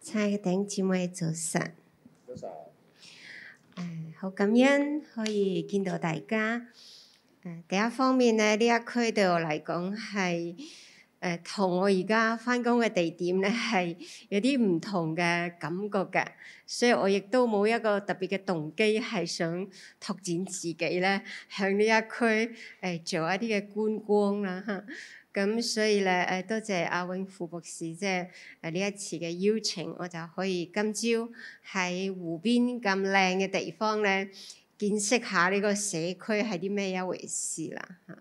猜頂姊妹嘅早晨，早晨上，誒，好感恩可以見到大家。誒、uh，第一方面咧，呢一區對我嚟講係誒，同、呃、我而家翻工嘅地點咧係有啲唔同嘅感覺嘅，所以我亦都冇一個特別嘅動機係想拓展自己咧，向呢一區誒、呃、做一啲嘅觀光啦吓。咁所以咧，誒多謝阿永富博士即係誒呢一次嘅邀請，我就可以今朝喺湖邊咁靚嘅地方咧，見識下呢個社區係啲咩一回事啦嚇。誒、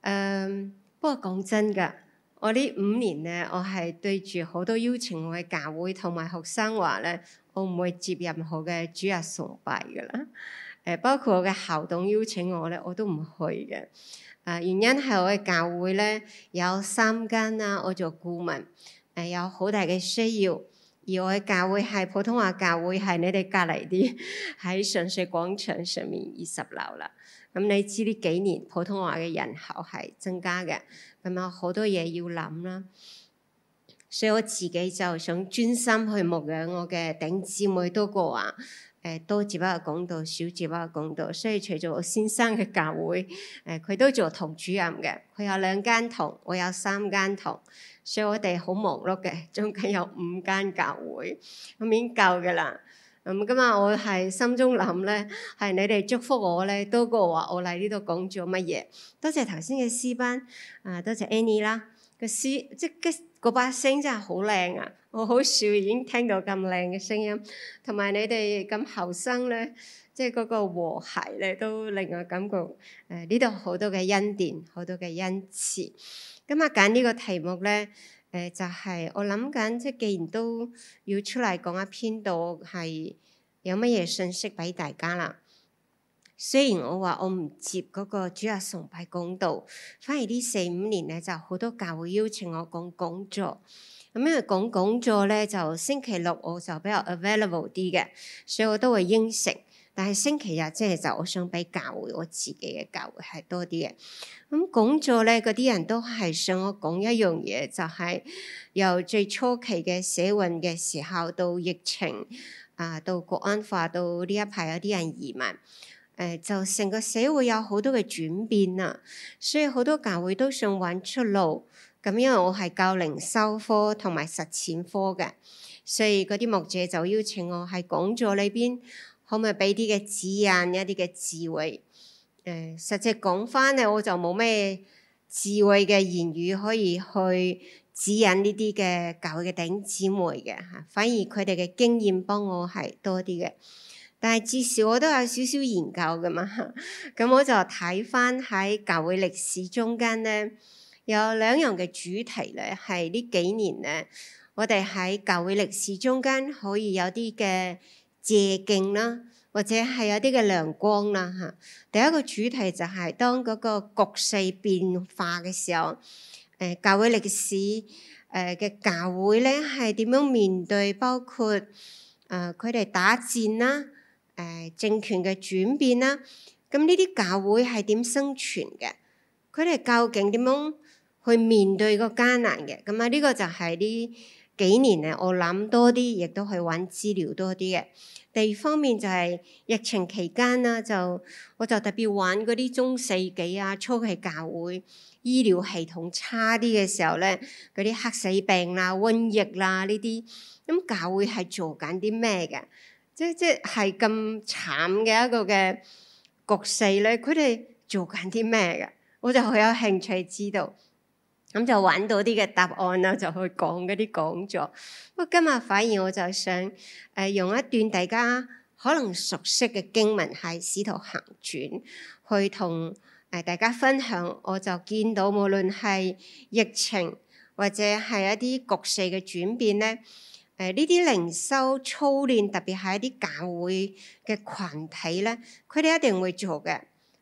啊，不過講真噶，我呢五年咧，我係對住好多邀請我嘅教會同埋學生話咧，我唔會接任何嘅主日崇拜噶啦。誒包括我嘅校董邀請我咧，我都唔去嘅。啊，原因係我嘅教會咧有三間啦、啊，我做顧問誒、啊，有好大嘅需要。而我嘅教會係普通話教會，係你哋隔離啲喺上水廣場上面二十樓啦。咁、啊、你知呢幾年普通話嘅人口係增加嘅，咁啊好多嘢要諗啦。所以我自己就想專心去牧養我嘅頂姊妹多過啊。誒多節班講道，少節班講道，所以除咗我先生嘅教會，誒、呃、佢都做堂主任嘅，佢有兩間堂，我有三間堂，所以我哋好忙碌嘅，總計有五間教會，咁已經夠嘅啦。咁、嗯、今日我係心中諗咧，係你哋祝福我咧，多過話我喺呢度講咗乜嘢。多謝頭先嘅詩班，啊、呃、多謝 Annie 啦嘅詩，即、這個嗰把聲真係好靚啊！我好少已經聽到咁靚嘅聲音，同埋你哋咁後生咧，即係嗰個和諧咧，都令我感覺誒呢度好多嘅恩典，好多嘅恩賜。今日揀呢個題目咧，誒、呃、就係、是、我諗緊，即係既然都要出嚟講一篇道，係有乜嘢信息俾大家啦。雖然我話我唔接嗰個主日崇拜講道，反而呢四五年咧就好多教會邀請我講講座。咁、嗯、因為講講座咧就星期六我就比較 available 啲嘅，所以我都會應承。但係星期日即係就我想俾教會我自己嘅教會係多啲嘅。咁講座咧嗰啲人都係想我講一樣嘢，就係、是、由最初期嘅社運嘅時候到疫情，啊到國安法到呢一排有啲人移民。誒、呃、就成個社會有好多嘅轉變啦，所以好多教會都想搵出路。咁、呃、因為我係教靈修科同埋實踐科嘅，所以嗰啲牧者就邀請我係講座裏邊可唔可以俾啲嘅指引、一啲嘅智慧。誒、呃，實際講返嚟，我就冇咩智慧嘅言語可以去指引呢啲嘅教會嘅頂姊妹嘅嚇，反而佢哋嘅經驗幫我係多啲嘅。但係至少我都有少少研究嘅嘛，咁、啊嗯、我就睇翻喺教會歷史中間咧，有兩樣嘅主題咧，係呢幾年咧，我哋喺教會歷史中間可以有啲嘅借鏡啦，或者係有啲嘅亮光啦嚇、啊。第一個主題就係當嗰個局勢變化嘅時候，誒、呃、教會歷史誒嘅、呃、教會咧係點樣面對，包括誒佢哋打戰啦。誒，政權嘅轉變啦，咁呢啲教會係點生存嘅？佢哋究竟點樣去面對個艱難嘅？咁啊，呢個就係呢幾年咧，我諗多啲，亦都去揾資料多啲嘅。第二方面就係疫情期間啦，就我就特別揾嗰啲中世紀啊、初期教會醫療系統差啲嘅時候咧，嗰啲黑死病啦、啊、瘟疫啦呢啲，咁教會係做緊啲咩嘅？即即係咁慘嘅一個嘅局勢咧，佢哋做緊啲咩㗎？我就好有興趣知道。咁就揾到啲嘅答案啦，我就去講嗰啲講座。不過今日反而我就想誒、呃、用一段大家可能熟悉嘅經文，係《使徒行傳》，去同誒大家分享。我就見到無論係疫情或者係一啲局勢嘅轉變咧。誒呢啲靈修操練，特別係一啲教會嘅群體咧，佢哋一定會做嘅。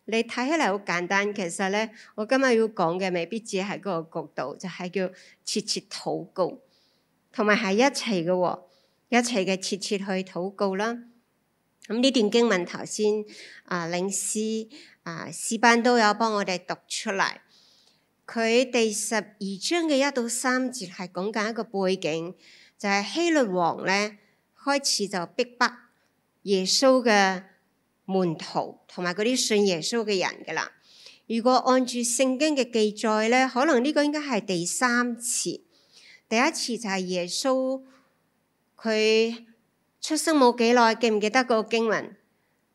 你睇起嚟好簡單，其實咧，我今日要講嘅未必只係嗰個角度，就係、是、叫切切禱告，同埋係一齊嘅、哦，一齊嘅切切去禱告啦。咁呢段經文頭先啊，領詩啊，詩班都有幫我哋讀出嚟。佢第十二章嘅一到三節係講緊一個背景。就係希律王咧，開始就逼迫耶穌嘅門徒同埋嗰啲信耶穌嘅人㗎喇。如果按住聖經嘅記載咧，可能呢個應該係第三次。第一次就係耶穌，佢出生冇幾耐，記唔記得個經文？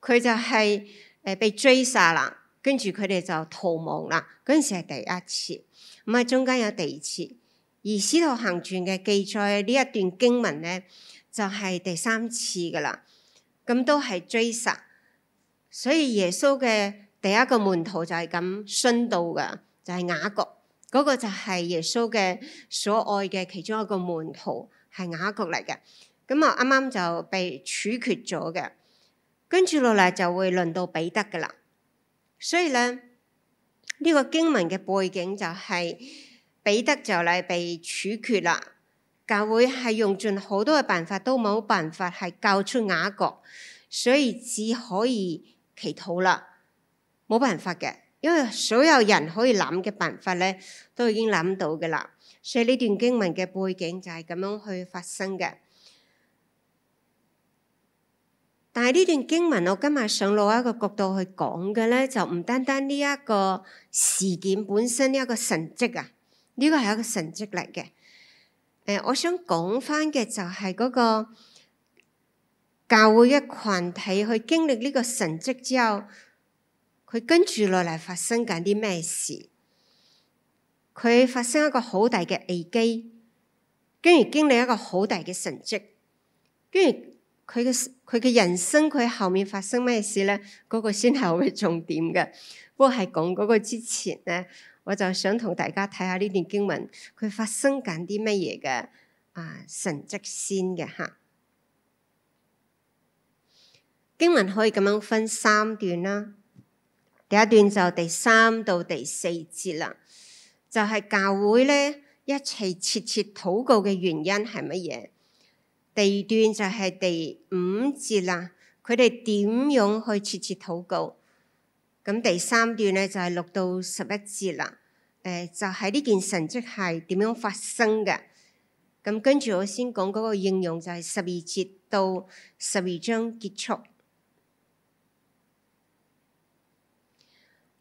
佢就係誒被追殺喇，跟住佢哋就逃亡喇。嗰陣時係第一次，咁啊中間有第二次。而《使徒行傳》嘅記載呢一段經文咧，就係、是、第三次噶啦，咁都係追殺，所以耶穌嘅第一個門徒就係咁殉道噶，就係、是、雅各，嗰、那個就係耶穌嘅所愛嘅其中一個門徒，係雅各嚟嘅，咁啊啱啱就被處決咗嘅，跟住落嚟就會輪到彼得噶啦，所以咧呢、這個經文嘅背景就係、是。彼得就嚟被處決啦，教會係用盡好多嘅辦法都冇辦法係救出雅各，所以只可以祈禱啦，冇辦法嘅，因為所有人可以諗嘅辦法咧都已經諗到嘅啦。所以呢段經文嘅背景就係咁樣去發生嘅。但係呢段經文，我今日想攞一個角度去講嘅咧，就唔單單呢一個事件本身呢一個神跡啊。呢個係一個神迹嚟嘅，誒、呃，我想講翻嘅就係嗰個教會嘅群體去經歷呢個神迹之後，佢跟住落嚟發生緊啲咩事？佢發生一個好大嘅危機，跟住經歷一個好大嘅神蹟，跟住佢嘅佢嘅人生，佢後面發生咩事咧？嗰、這個先係重點嘅。不過係講嗰個之前咧。我就想同大家睇下呢段經文，佢發生緊啲乜嘢嘅啊神蹟先嘅吓。經文可以咁樣分三段啦，第一段就第三到第四節啦，就係、是、教會咧一齊切切禱告嘅原因係乜嘢？第二段就係第五節啦，佢哋點樣去切切禱告？咁第三段咧就係、是、六到十一節啦，誒、呃、就係、是、呢件神蹟係點樣發生嘅？咁、嗯、跟住我先講嗰個應用，就係十二節到十二章結束。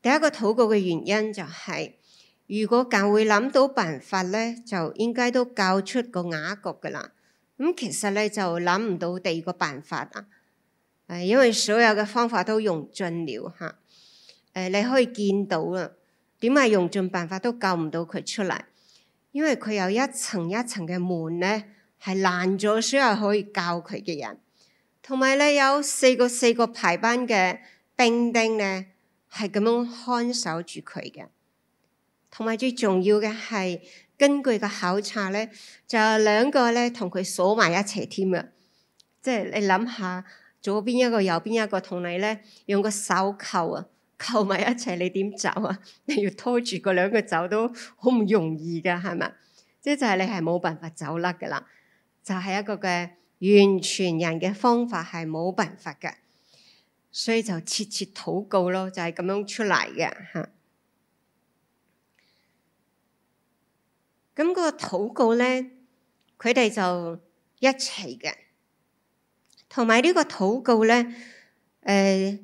第一個禱告嘅原因就係、是，如果教會諗到辦法咧，就應該都教出個雅各嘅啦。咁、嗯、其實咧就諗唔到第二個辦法啦，誒、呃、因為所有嘅方法都用盡了嚇。誒，你可以見到啦，點解用盡辦法都救唔到佢出嚟，因為佢有一層一層嘅門咧，係攔咗所有可以救佢嘅人。同埋咧，有四個四個排班嘅兵丁咧，係咁樣看守住佢嘅。同埋最重要嘅係根據個考察咧，就有兩個咧同佢鎖埋一齊添啊！即係你諗下，左邊一個右邊一個同你咧用個手扣啊！扣埋一齊，你點走啊？你要拖住嗰兩個走都好唔容易噶，係咪？即係就係、是、你係冇辦法走甩噶啦，就係、是、一個嘅完全人嘅方法係冇辦法嘅，所以就切切禱告咯，就係、是、咁樣出嚟嘅吓。咁、那個禱告咧，佢哋就一齊嘅，同埋呢個禱告咧，誒、呃。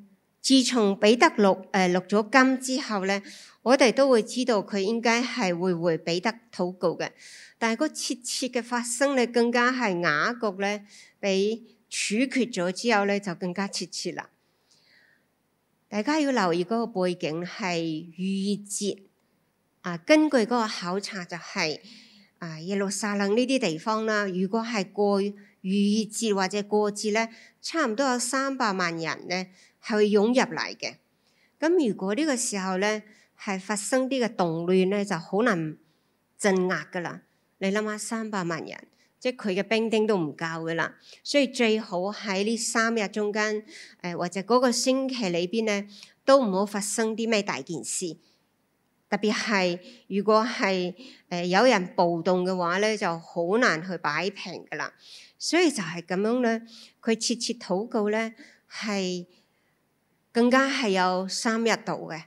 自從彼得錄誒、呃、錄咗金之後咧，我哋都會知道佢應該係會回彼得禱告嘅。但係個切切嘅發生咧，更加係雅各咧被處決咗之後咧，就更加切切啦。大家要留意嗰個背景係逾越節啊！根據嗰個考察就係、是、啊，耶路撒冷呢啲地方啦，如果係過逾越節或者過節咧，差唔多有三百萬人咧。係會湧入嚟嘅，咁如果呢個時候咧係發生啲嘅動亂咧，就好難鎮壓噶啦。你諗下，三百萬人，即係佢嘅兵丁都唔夠噶啦，所以最好喺呢三日中間，誒、呃、或者嗰個星期裏邊咧，都唔好發生啲咩大件事。特別係如果係誒、呃、有人暴動嘅話咧，就好難去擺平噶啦。所以就係咁樣咧，佢切切禱告咧係。更加係有三日度嘅，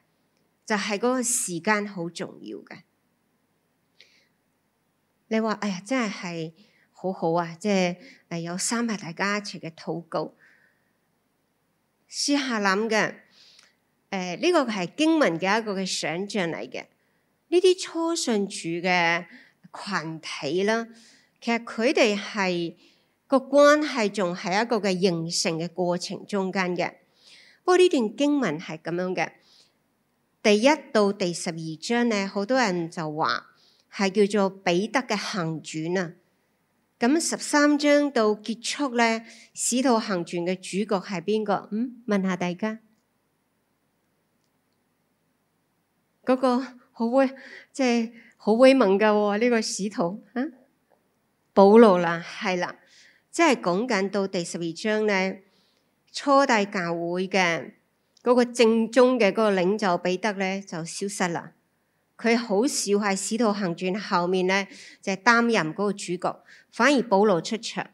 就係、是、嗰個時間好重要嘅。你話哎呀，真係係好好啊！即係誒，有三日大家一齊嘅禱告，私下諗嘅。誒、呃，呢、這個係經文嘅一個嘅想象嚟嘅。呢啲初信主嘅群體啦，其實佢哋係個關係仲係一個嘅形成嘅過程中間嘅。不過呢段經文係咁樣嘅，第一到第十二章咧，好多人就話係叫做彼得嘅行傳啊。咁十三章到結束咧，使徒行傳嘅主角係邊個？嗯，問下大家，嗰個好威，即係好威猛噶呢個使徒啊，保羅啦，係啦，即係講緊到第十二章咧。初代教會嘅嗰個正宗嘅嗰個領袖彼得咧就消失啦，佢好少喺使徒行傳後面咧就是、擔任嗰個主角，反而保羅出場，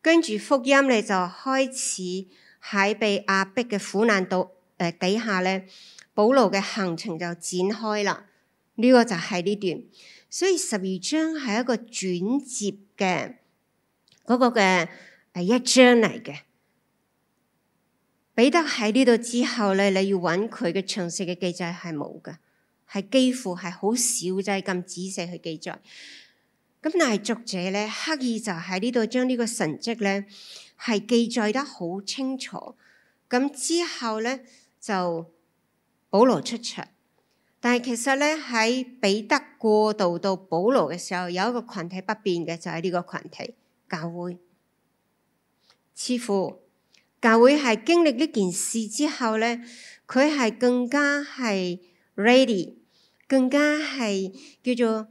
跟住福音咧就開始喺被壓迫嘅苦難度誒、呃、底下咧，保羅嘅行程就展開啦。呢、這個就係呢段，所以十二章係一個轉折嘅嗰個嘅誒一章嚟嘅。彼得喺呢度之後咧，你要揾佢嘅詳細嘅記載係冇㗎，係幾乎係好少就係咁仔細去記載。咁但係作者咧刻意就喺呢度將呢個神跡咧係記載得好清楚。咁之後咧就保羅出場，但係其實咧喺彼得過渡到保羅嘅時候，有一個群體不變嘅就係呢個群體教會，似乎。教會係經歷呢件事之後咧，佢係更加係 ready，更加係叫做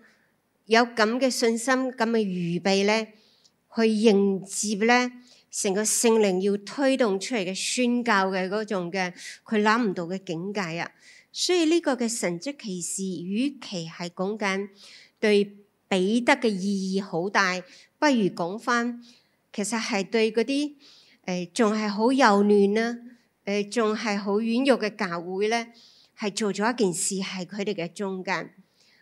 有咁嘅信心、咁嘅預備咧，去迎接咧成個聖靈要推動出嚟嘅宣教嘅嗰種嘅佢諗唔到嘅境界啊！所以呢個嘅神蹟奇事，與其係講緊對彼得嘅意義好大，不如講返其實係對嗰啲。誒，仲係好幼嫩啦，誒，仲係好軟弱嘅教會咧，係做咗一件事喺佢哋嘅中間。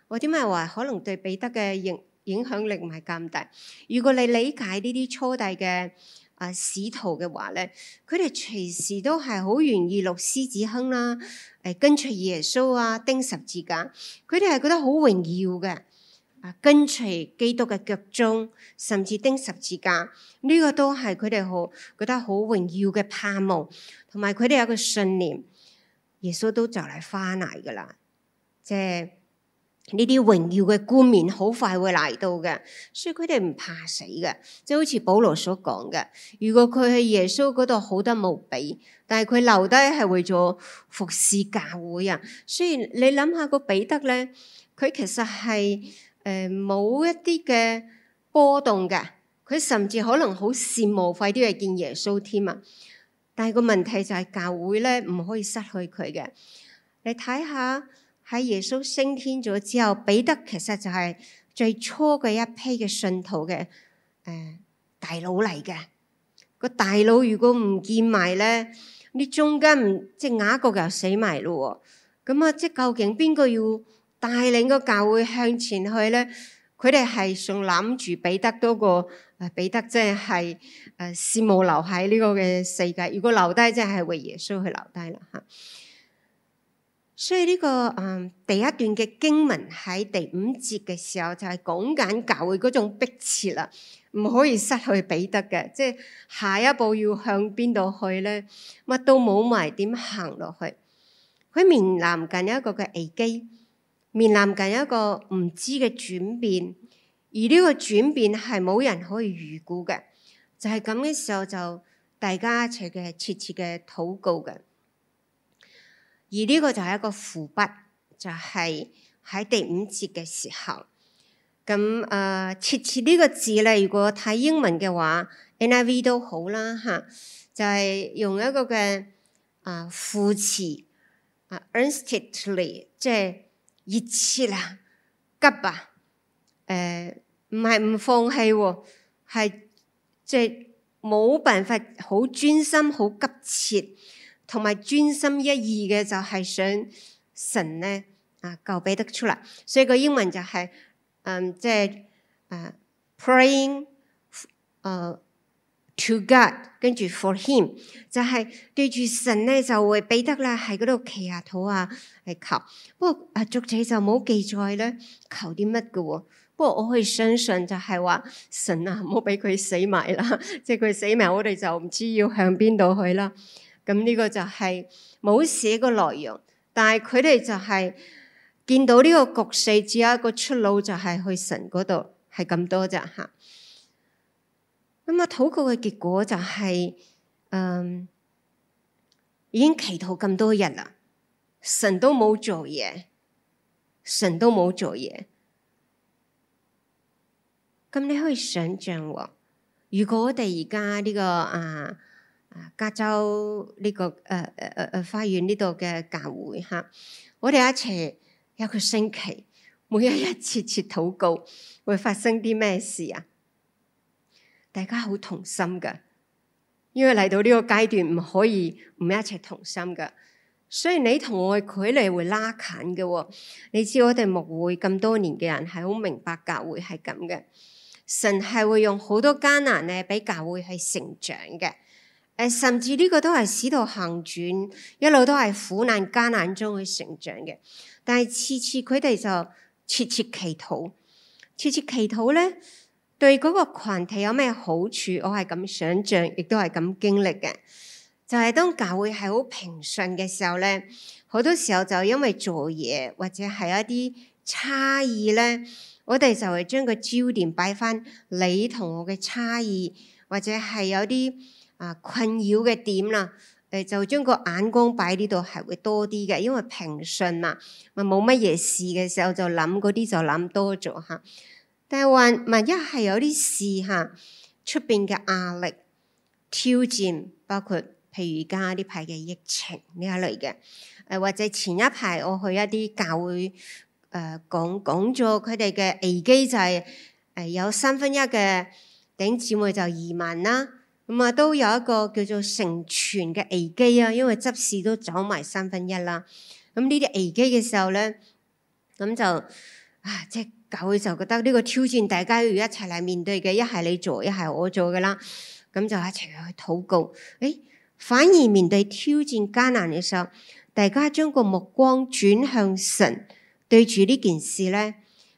我點解話可能對彼得嘅影影響力唔係咁大。如果你理解呢啲初代嘅啊使徒嘅話咧，佢哋隨時都係好願意落獅子坑啦，誒、啊，跟隨耶穌啊，釘十字架，佢哋係覺得好榮耀嘅。跟隨基督嘅腳蹤，甚至釘十字架，呢、這個都係佢哋好覺得好榮耀嘅盼望，同埋佢哋有，有個信念，耶穌都就嚟翻嚟噶啦，即係呢啲榮耀嘅冠冕好快會嚟到嘅，所以佢哋唔怕死嘅，即係好似保羅所講嘅，如果佢喺耶穌嗰度好得無比，但係佢留低係為咗服侍教會啊。所以你諗下個彼得咧，佢其實係。誒冇一啲嘅波動嘅，佢甚至可能好羨慕快啲去見耶穌添啊！但係個問題就係教會咧唔可以失去佢嘅。你睇下喺耶穌升天咗之後，彼得其實就係最初嘅一批嘅信徒嘅誒、呃、大佬嚟嘅。個大佬如果唔見埋咧，你中間雅各又死埋咯喎！咁啊，即係、嗯、究竟邊個要？帶領個教會向前去咧，佢哋係仲諗住彼得多個誒，彼得即係誒，羨、呃、慕留喺呢個嘅世界。如果留低，即係為耶穌去留低啦吓。所以呢、這個誒、嗯、第一段嘅經文喺第五節嘅時候就係講緊教會嗰種迫切啦，唔可以失去彼得嘅，即係下一步要向邊度去咧？乜都冇埋點行落去？佢面臨緊一個嘅危機。面臨緊一個唔知嘅轉變，而呢個轉變係冇人可以預估嘅，就係咁嘅時候，就大家一齊嘅切切嘅禱告嘅。而呢個就係一個伏筆，就係喺第五節嘅時候咁啊。切切呢個字咧，如果睇英文嘅話，NIV 都好啦吓，就係、是、用一個嘅啊副詞啊 instantly，即係。熱切啊，急啊！誒、呃，唔係唔放棄喎、哦，係即係冇辦法，好專心，好急切，同埋專心一意嘅就係想神咧啊，救俾得出嚟。所以個英文就係、是、嗯，即係啊，praying，誒、呃。To God，跟住 For Him，就係對住神咧，就為彼得啦喺嗰度祈下禱啊，嚟求。不過啊，作者就冇記載咧求啲乜嘅。不過我可以相信就係話神啊，唔好俾佢死埋啦。即係佢死埋，我哋就唔知要向邊度去啦。咁呢個就係、是、冇寫個內容，但係佢哋就係、是、見到呢個局勢，只有一個出路就係去神嗰度，係咁多咋。吓、啊。咁啊！禱告嘅結果就係，嗯，已經祈禱咁多日啦，神都冇做嘢，神都冇做嘢。咁你可以想象喎，如果我哋而家呢個啊啊加州呢個誒誒誒花園呢度嘅教會吓，我哋一齊一個星期，每一日切切禱告，會發生啲咩事啊？大家好同心噶，因為嚟到呢個階段唔可以唔一齊同心噶，所以你同我嘅距離會拉近嘅，哦。你知我哋牧會咁多年嘅人係好明白教會係咁嘅，神係會用好多艱難咧，俾教會去成長嘅。誒、呃，甚至呢個都係使徒行傳，一路都係苦難艱難中去成長嘅。但係次次佢哋就切切祈禱，切切祈禱咧。對嗰個群體有咩好處？我係咁想象亦都係咁經歷嘅。就係、是、當教會係好平順嘅時候咧，好多時候就因為做嘢，或者係一啲差異咧，我哋就係將個焦點擺翻，你同我嘅差異，或者係有啲啊困擾嘅點啦。誒，就將個眼光擺呢度係會多啲嘅，因為平順嘛，啊，咪冇乜嘢事嘅時候就諗嗰啲就諗多咗吓。但係萬一係有啲事吓，出邊嘅壓力、挑戰，包括譬如而家呢排嘅疫情呢一類嘅，誒、呃、或者前一排我去一啲教會誒講講咗佢哋嘅危機就係、是、誒、呃、有三分一嘅頂姊妹就移民啦，咁啊，啊都有一個叫做成全嘅危機啊，因為執事都走埋三分一啦，咁呢啲危機嘅時候咧，咁就啊，啊即。就就覺得呢個挑戰，大家要一齊嚟面對嘅，一係你做，一係我做㗎啦。咁就一齊去禱告。誒，反而面對挑戰艱難嘅時候，大家將個目光轉向神，對住呢件事咧，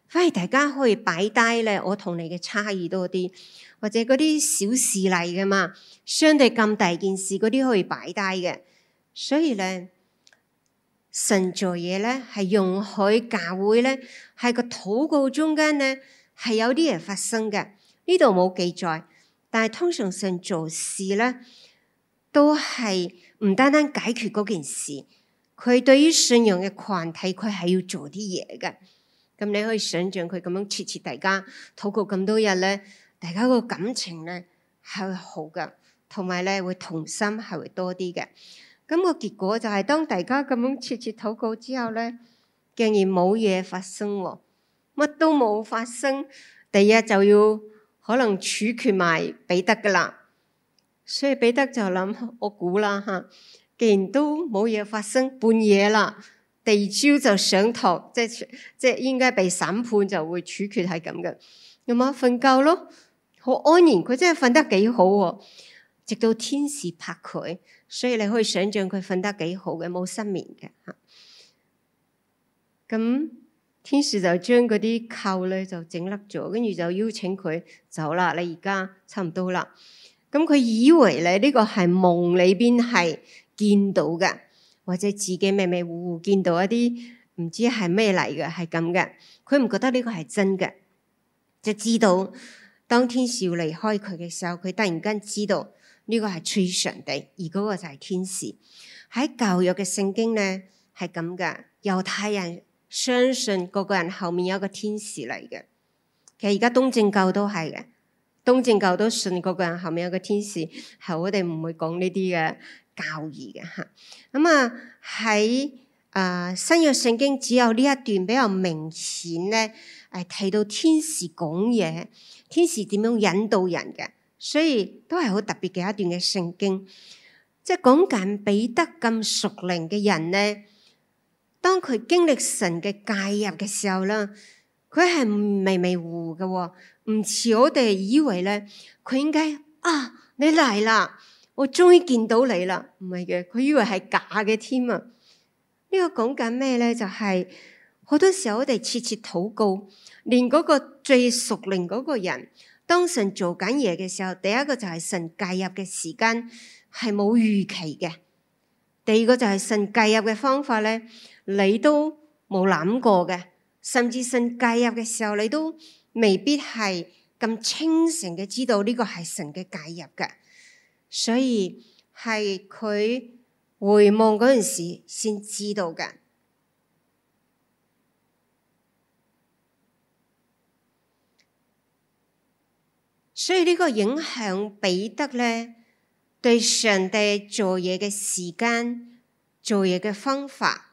反而大家可以擺低咧，我同你嘅差異多啲，或者嗰啲小事例嘅嘛，相對咁大件事嗰啲可以擺低嘅。所以咧。神做嘢咧，係容許教會咧，係個禱告中間咧，係有啲嘢發生嘅。呢度冇記載，但係通常神做事咧，都係唔單單解決嗰件事。佢對於信仰嘅群體，佢係要做啲嘢嘅。咁你可以想象佢咁樣切切大家禱告咁多日咧，大家個感情咧係會好噶，同埋咧會同心係會多啲嘅。咁個結果就係當大家咁樣切切禱告之後咧，竟然冇嘢發生喎，乜都冇發生。第二就要可能處決埋彼得噶啦，所以彼得就諗，我估啦吓，既然都冇嘢發生，半夜啦，第二朝就上堂，即係即係應該被審判就會處決係咁嘅，咁啊瞓覺咯，好安然，佢真係瞓得幾好啊。直到天使拍佢，所以你可以想象佢瞓得幾好嘅，冇失眠嘅。咁天使就將嗰啲扣咧就整甩咗，跟住就邀請佢走啦。你而家差唔多啦。咁佢以為咧呢個係夢裏邊係見到嘅，或者自己迷迷糊糊見到一啲唔知係咩嚟嘅，係咁嘅。佢唔覺得呢個係真嘅，就知道當天使要離開佢嘅時候，佢突然間知道。呢個係吹常地，而嗰個就係天使。喺舊約嘅聖經咧係咁嘅，猶太人相信個個人後面有個天使嚟嘅。其實而家東正教都係嘅，東正教都信個個人後面有個天使。係我哋唔會講呢啲嘅教義嘅嚇。咁啊喺啊新約聖經只有呢一段比較明顯咧，係睇到天使講嘢，天使點樣引導人嘅。所以都係好特別嘅一段嘅聖經，即係講緊彼得咁熟靈嘅人咧，當佢經歷神嘅介入嘅時候啦，佢係迷迷糊嘅、哦，唔似我哋以為咧，佢應該啊你嚟啦，我終於見到你啦，唔係嘅，佢以為係假嘅添啊。呢、這個講緊咩咧？就係、是、好多時候我哋切切禱告，連嗰個最熟靈嗰個人。當神做緊嘢嘅時候，第一個就係神介入嘅時間係冇預期嘅。第二個就係神介入嘅方法咧，你都冇諗過嘅，甚至神介入嘅時候，你都未必係咁清醒嘅，知道呢個係神嘅介入嘅。所以係佢回望嗰陣時先知道嘅。所以呢個影響彼得咧，對上帝做嘢嘅時間、做嘢嘅方法，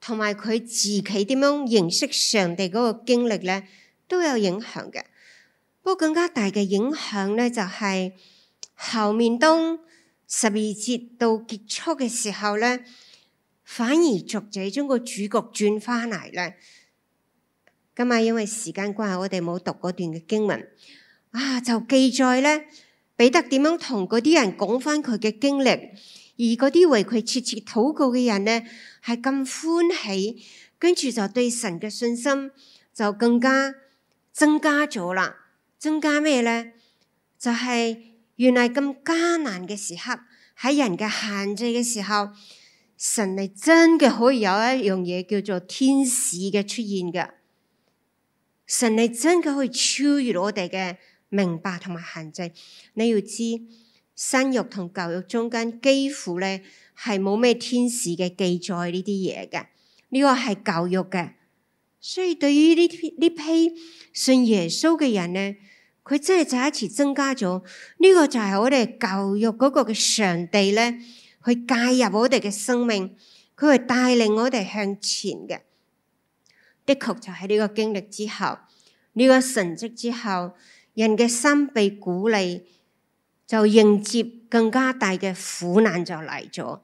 同埋佢自己點樣認識上帝嗰個經歷咧，都有影響嘅。不過更加大嘅影響咧，就係、是、後面當十二節到結束嘅時候咧，反而作者將個主角轉翻嚟咧。今晚，因為時間關係，我哋冇讀嗰段嘅經文。啊！就記載咧，彼得點樣同嗰啲人講翻佢嘅經歷，而嗰啲為佢切切禱告嘅人呢，係咁歡喜，跟住就對神嘅信心就更加增加咗啦。增加咩咧？就係原來咁艱難嘅時刻，喺人嘅限制嘅時候，神係真嘅可以有一樣嘢叫做天使嘅出現嘅。神係真嘅可以超越我哋嘅。明白同埋限制，你要知新約同舊約中間幾乎咧係冇咩天使嘅記載呢啲嘢嘅，呢、這個係舊約嘅。所以對於呢呢批信耶穌嘅人咧，佢真係再一次增加咗呢、這個就係我哋舊約嗰個嘅上帝咧去介入我哋嘅生命，佢係帶領我哋向前嘅。的確就喺呢個經歷之後，呢、這個神蹟之後。人嘅心被鼓勵，就迎接更加大嘅苦難就嚟咗，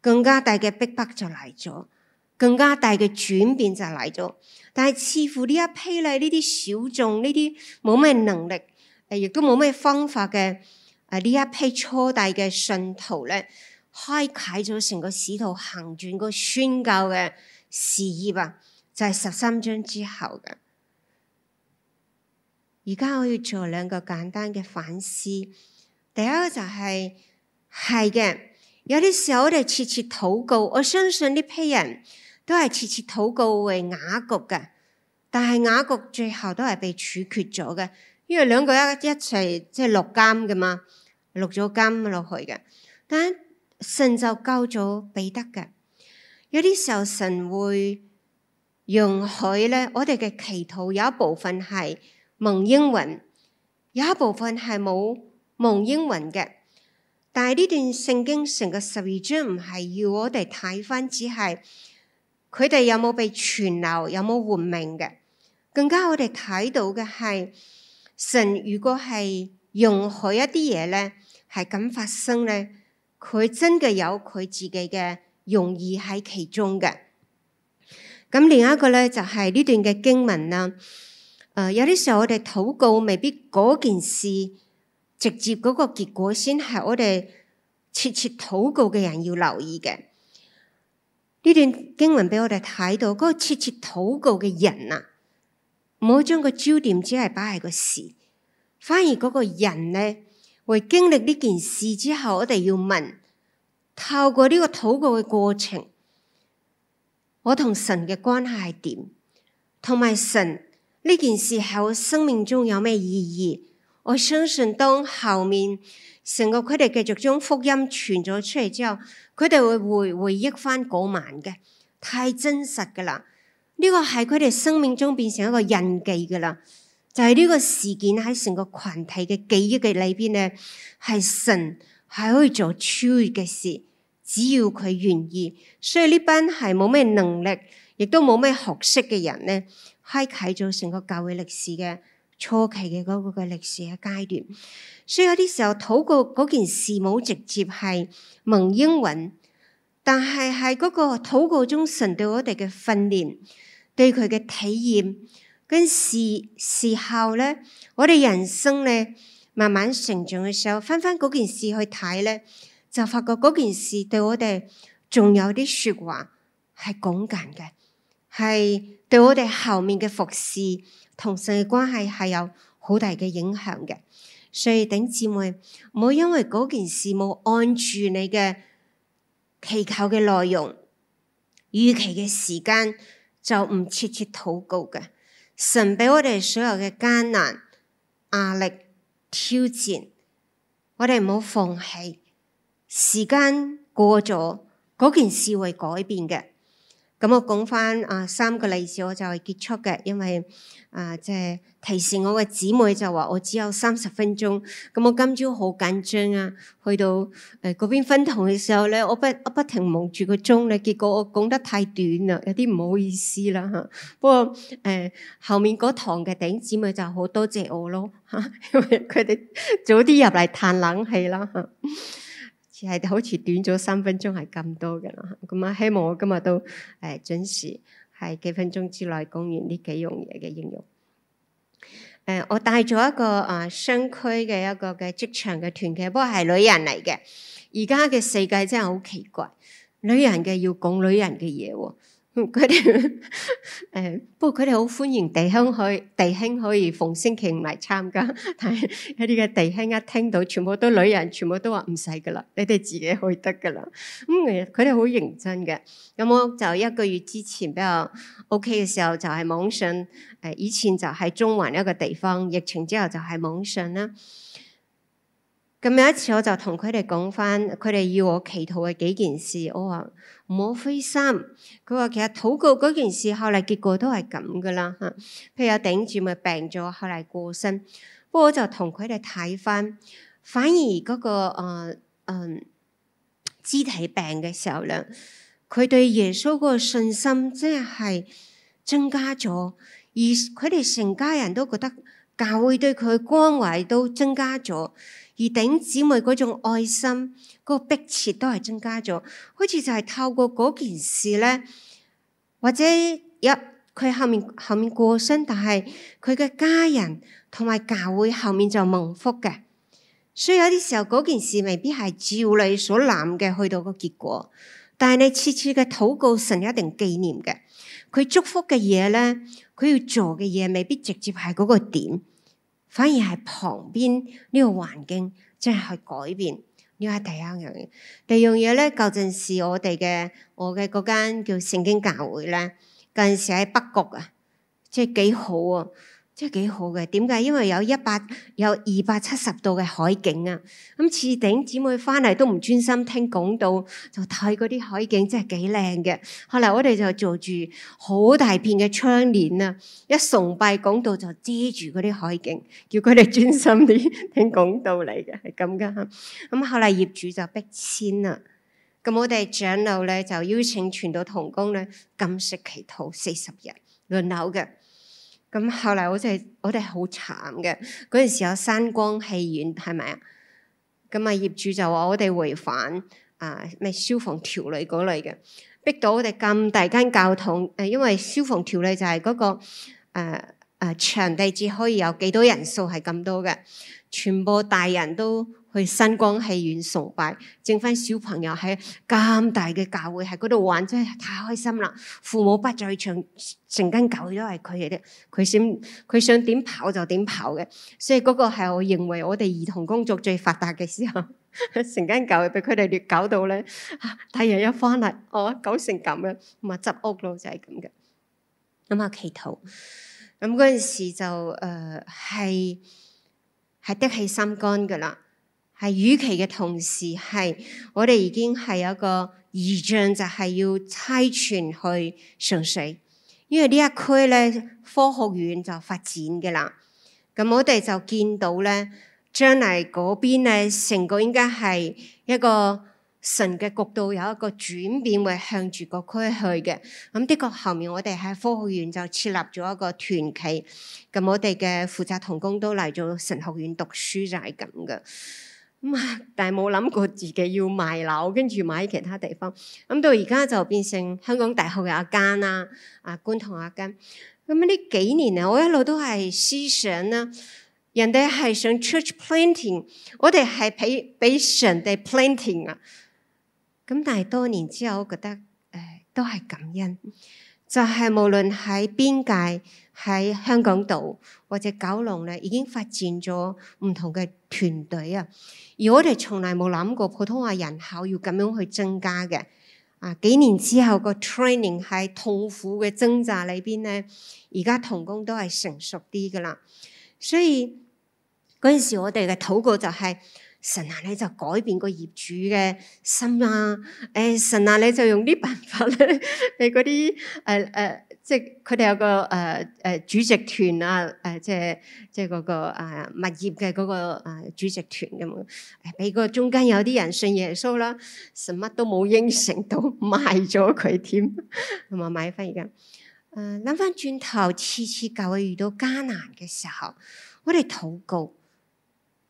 更加大嘅逼迫，迫就嚟咗，更加大嘅轉變就嚟咗。但係似乎呢一批咧，呢啲小眾，呢啲冇咩能力，誒、呃，亦都冇咩方法嘅，誒、呃，呢一批初大嘅信徒咧，開啟咗成個使徒行傳個宣教嘅事業啊，就係十三章之後嘅。而家我要做兩個簡單嘅反思。第一個就係係嘅，有啲時候我哋切切禱告，我相信呢批人都係切切禱告為雅各嘅，但係雅各最後都係被處決咗嘅，因為兩個一一齊即係落監嘅嘛，落咗監落去嘅。但神就救咗彼得嘅。有啲時候神會容許咧，我哋嘅祈禱有一部分係蒙英文，有一部分係冇蒙英文嘅。但係呢段聖經成個十二章唔係要我哋睇返，只係佢哋有冇被傳流，有冇活命嘅。更加我哋睇到嘅係神，如果係容許一啲嘢咧，係咁發生咧，佢真嘅有佢自己嘅用意喺其中嘅。咁、嗯哦、另一個咧就係呢段嘅經文啦。Uh, 有啲時候我哋禱告未必嗰件事，直接嗰個結果先係我哋切切禱告嘅人要留意嘅。呢段經文俾我哋睇到，嗰個切切禱告嘅人啊，唔好將個焦點只係擺喺個事，反而嗰個人呢，會經歷呢件事之後，我哋要問，透過呢個禱告嘅過程，我同神嘅關係係點，同埋神。呢件事喺我生命中有咩意義？我相信當後面成個佢哋繼續將福音傳咗出嚟之後，佢哋會回憶回憶翻嗰晚嘅，太真實噶啦！呢、這個係佢哋生命中變成一個印記噶啦，就係、是、呢個事件喺成個群體嘅記憶嘅裏邊咧，係神係可以做超越嘅事，只要佢願意。所以呢班係冇咩能力，亦都冇咩學識嘅人呢。開啟咗成個教會歷史嘅初期嘅嗰個嘅歷史嘅階段，所以有啲時候禱告嗰件事冇直接係蒙應允，但係喺嗰個禱告中神對我哋嘅訓練，對佢嘅體驗，跟事事後咧，我哋人生咧慢慢成長嘅時候，翻翻嗰件事去睇咧，就發覺嗰件事對我哋仲有啲說話係講緊嘅，係對我哋後面嘅服侍同神嘅關係係有好大嘅影響嘅，所以頂姊妹唔好因為嗰件事冇按住你嘅祈求嘅內容、預期嘅時間就唔切切禱告嘅。神畀我哋所有嘅艱難、壓力、挑戰，我哋唔好放棄。時間過咗，嗰件事會改變嘅。咁我講翻啊三個例子我就係結束嘅，因為啊即係、就是、提示我嘅姊妹就話我只有三十分鐘，咁我今朝好緊張啊，去到誒嗰、呃、邊分堂嘅時候咧，我不我不停望住個鐘咧，結果我講得太短啦，有啲唔好意思啦吓、啊。不過誒、呃、後面嗰堂嘅頂姊妹就好多謝我咯吓、啊，因為佢哋早啲入嚟嘆冷氣啦吓。啊係好似短咗三分鐘，係咁多嘅啦。咁啊，希望我今日都誒準時，喺幾分鐘之內講完呢幾樣嘢嘅應用。誒、呃，我帶咗一個啊商區嘅一個嘅職場嘅團嘅，不過係女人嚟嘅。而家嘅世界真係好奇怪，女人嘅要講女人嘅嘢喎。佢哋誒，不過佢哋好歡迎弟兄去，弟兄可以逢星期嚟參加。但係一啲嘅弟兄一聽到，全部都女人，全部都話唔使噶啦，你哋自己去得噶啦。咁佢哋好認真嘅。咁我就一個月之前比較 OK 嘅時候，就係網上誒，以前就喺中環一個地方，疫情之後就係網上啦。咁有一次我就同佢哋講翻，佢哋要我祈禱嘅幾件事，我話唔好灰心。佢話其實禱告嗰件事，後來結果都係咁噶啦吓。譬如頂住咪病咗，後來過身。不過我就同佢哋睇翻，反而嗰、那個誒誒、呃呃、肢體病嘅時候咧，佢對耶穌嗰個信心即係增加咗。而佢哋成家人都覺得教會對佢關懷都增加咗。而頂姊妹嗰種愛心，嗰、嗰個迫切都係增加咗。好似就係透過嗰件事咧，或者一佢、yeah, 後面後面過身，但係佢嘅家人同埋教會後面就蒙福嘅。所以有啲時候嗰件事未必係照你所諗嘅去到個結果，但係你次次嘅禱告神一定紀念嘅。佢祝福嘅嘢咧，佢要做嘅嘢未必直接係嗰個點。反而係旁邊呢個環境，即係去改變。呢係第一樣嘢。第二樣嘢咧，舊陣時我哋嘅我嘅嗰間叫聖經教會咧，舊陣時喺北角啊，即係幾好啊！真係幾好嘅，點解？因為有一百有二百七十度嘅海景啊！咁次頂姊妹翻嚟，都唔專心聽講道，就睇嗰啲海景真係幾靚嘅。後來我哋就做住好大片嘅窗簾啊，一崇拜講道就遮住嗰啲海景，叫佢哋專心啲聽講道嚟嘅，係咁噶。咁後來業主就逼遷啦。咁我哋長老咧就邀請全道同工咧，禁食祈禱四十日輪流嘅。咁後嚟我哋我哋好慘嘅，嗰陣時有山光戲院係咪啊？咁啊業主就話我哋違反啊咩、呃、消防條例嗰類嘅，逼到我哋咁大間教堂。誒、呃、因為消防條例就係嗰、嗰個誒誒、呃呃、場地只可以有幾多人數係咁多嘅，全部大人都。去新光戲院崇拜，剩翻小朋友喺咁大嘅教會喺嗰度玩，真係太開心啦！父母不在場，成間狗都係佢嘅啫。佢想佢想點跑就點跑嘅，所以嗰個係我認為我哋兒童工作最發達嘅時候，間被啊哦、成間狗俾佢哋虐搞到咧，太陽一翻嚟，我搞成咁樣，咪執屋咯，就係咁嘅。咁啊，祈禱，咁嗰陣時就誒係係滴起心肝噶啦。呃係與其嘅同時係，我哋已經係有一個異象，就係、是、要差傳去上水，因為呢一區咧科學院就發展嘅啦。咁、嗯、我哋就見到咧，將嚟嗰邊咧成個應該係一個神嘅角度有一個轉變，會向住個區去嘅。咁、嗯、的確後面我哋喺科學院就設立咗一個團契，咁、嗯、我哋嘅負責同工都嚟咗神學院讀書，就係咁嘅。咁但係冇諗過自己要賣樓，跟住買其他地方。咁到而家就變成香港大學嘅阿堅啦，啊觀塘阿堅。咁呢幾年啊，我一路都係思想啦，人哋係想 church planting，我哋係俾俾神哋 planting 啊。咁但係多年之後，我覺得誒、呃、都係感恩。就係無論喺邊界，喺香港島或者九龍咧，已經發展咗唔同嘅團隊啊！而我哋從來冇諗過普通話人口要咁樣去增加嘅，啊幾年之後個 training 喺痛苦嘅掙扎裏邊咧，而家同工都係成熟啲噶啦。所以嗰陣時我哋嘅禱告就係、是。神啊，你就改變個業主嘅心啊！誒、哎，神啊，你就用啲辦法咧，俾嗰啲誒誒，即係佢哋有個誒誒、呃呃、主席團啊，誒、呃、即係即係、那、嗰個啊、呃、物業嘅嗰、那個啊、呃、主席團咁，俾個中間有啲人信耶穌啦，神乜都冇應承到，賣咗佢添，同 埋買翻而家。誒、呃，諗翻轉頭，次次教會遇到艱難嘅時候，我哋禱告。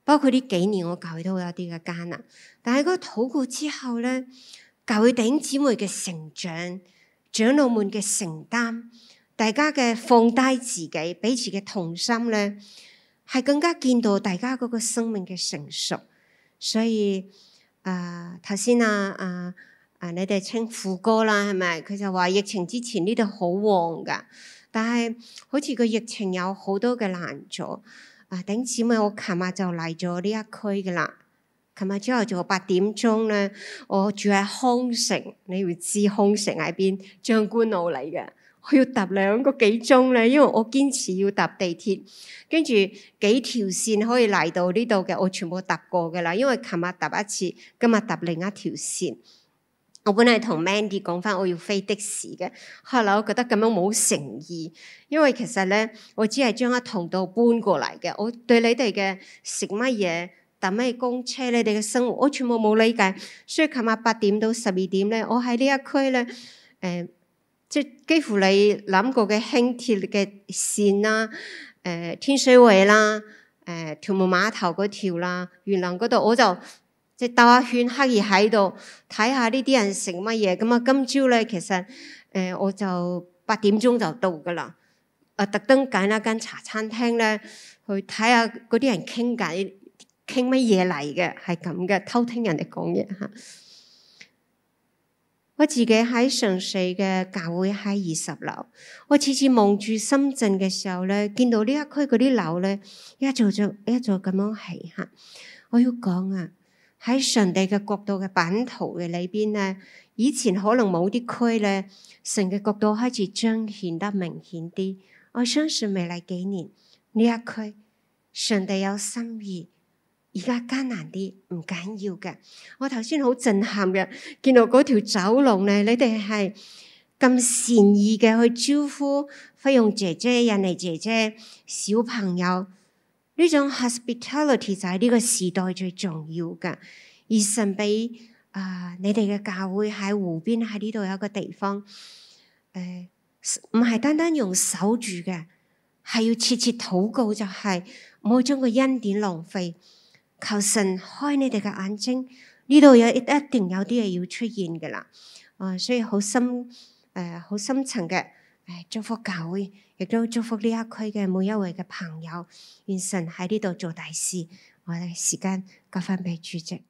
包括呢幾年我教會都有啲嘅艱難，但係嗰個禱告之後咧，教會頂姊妹嘅成長、長老們嘅承擔、大家嘅放低自己、彼此嘅同心咧，係更加見到大家嗰個生命嘅成熟。所以，誒頭先啊啊啊，呃、你哋稱富哥啦，係咪？佢就話疫情之前呢度好旺㗎，但係好似個疫情有好多嘅難咗。啊！頂姊妹，我琴日就嚟咗呢一區嘅啦。琴日朝頭早八點鐘咧，我住喺康城，你會知康城喺邊？將軍澳嚟嘅，我要搭兩個幾鐘咧，因為我堅持要搭地鐵。跟住幾條線可以嚟到呢度嘅，我全部搭過嘅啦。因為琴日搭一次，今日搭另一條線。我本來同 Mandy 講翻我要飛的士嘅，後來我覺得咁樣冇誠意，因為其實咧我只係將一同道搬過嚟嘅，我對你哋嘅食乜嘢、搭咩公車、你哋嘅生活，我全部冇理解。所以琴日八點到十二點咧，我喺呢一區咧，誒、呃，即係幾乎你諗過嘅輕鐵嘅線啦，誒、呃，天水圍啦，誒、呃，屯門碼頭嗰條啦，元朗嗰度，我就。即係兜一圈，刻意喺度睇下呢啲人食乜嘢。咁啊，今朝咧其實誒、呃，我就八點鐘就到噶啦。啊，特登揀一間茶餐廳咧，去睇下嗰啲人傾偈，傾乜嘢嚟嘅？係咁嘅，偷聽人哋講嘢吓。我自己喺上水嘅教會喺二十樓。我次次望住深圳嘅時候咧，見到呢一區嗰啲樓咧，一座就一座咁樣起吓。我要講啊！喺上帝嘅國度嘅版圖嘅裏邊咧，以前可能冇啲區咧，神嘅國度開始彰顯得明顯啲。我相信未來幾年呢一區，上帝有心意，而家艱難啲唔緊要嘅。我頭先好震撼嘅，見到嗰條走廊咧，你哋係咁善意嘅去招呼菲傭姐姐、印尼姐姐、小朋友。呢種 hospitality 就係呢個時代最重要嘅，而神俾啊、呃、你哋嘅教會喺湖邊喺呢度有一個地方，誒唔係單單用手住嘅，係要切切禱告、就是，就係唔好將個恩典浪費，求神開你哋嘅眼睛，呢度有一定有啲嘢要出現嘅啦，啊、呃，所以好深誒好、呃、深層嘅。祝福教會，亦都祝福呢一區嘅每一位嘅朋友，願神喺呢度做大事。我哋嘅時間交翻俾主席。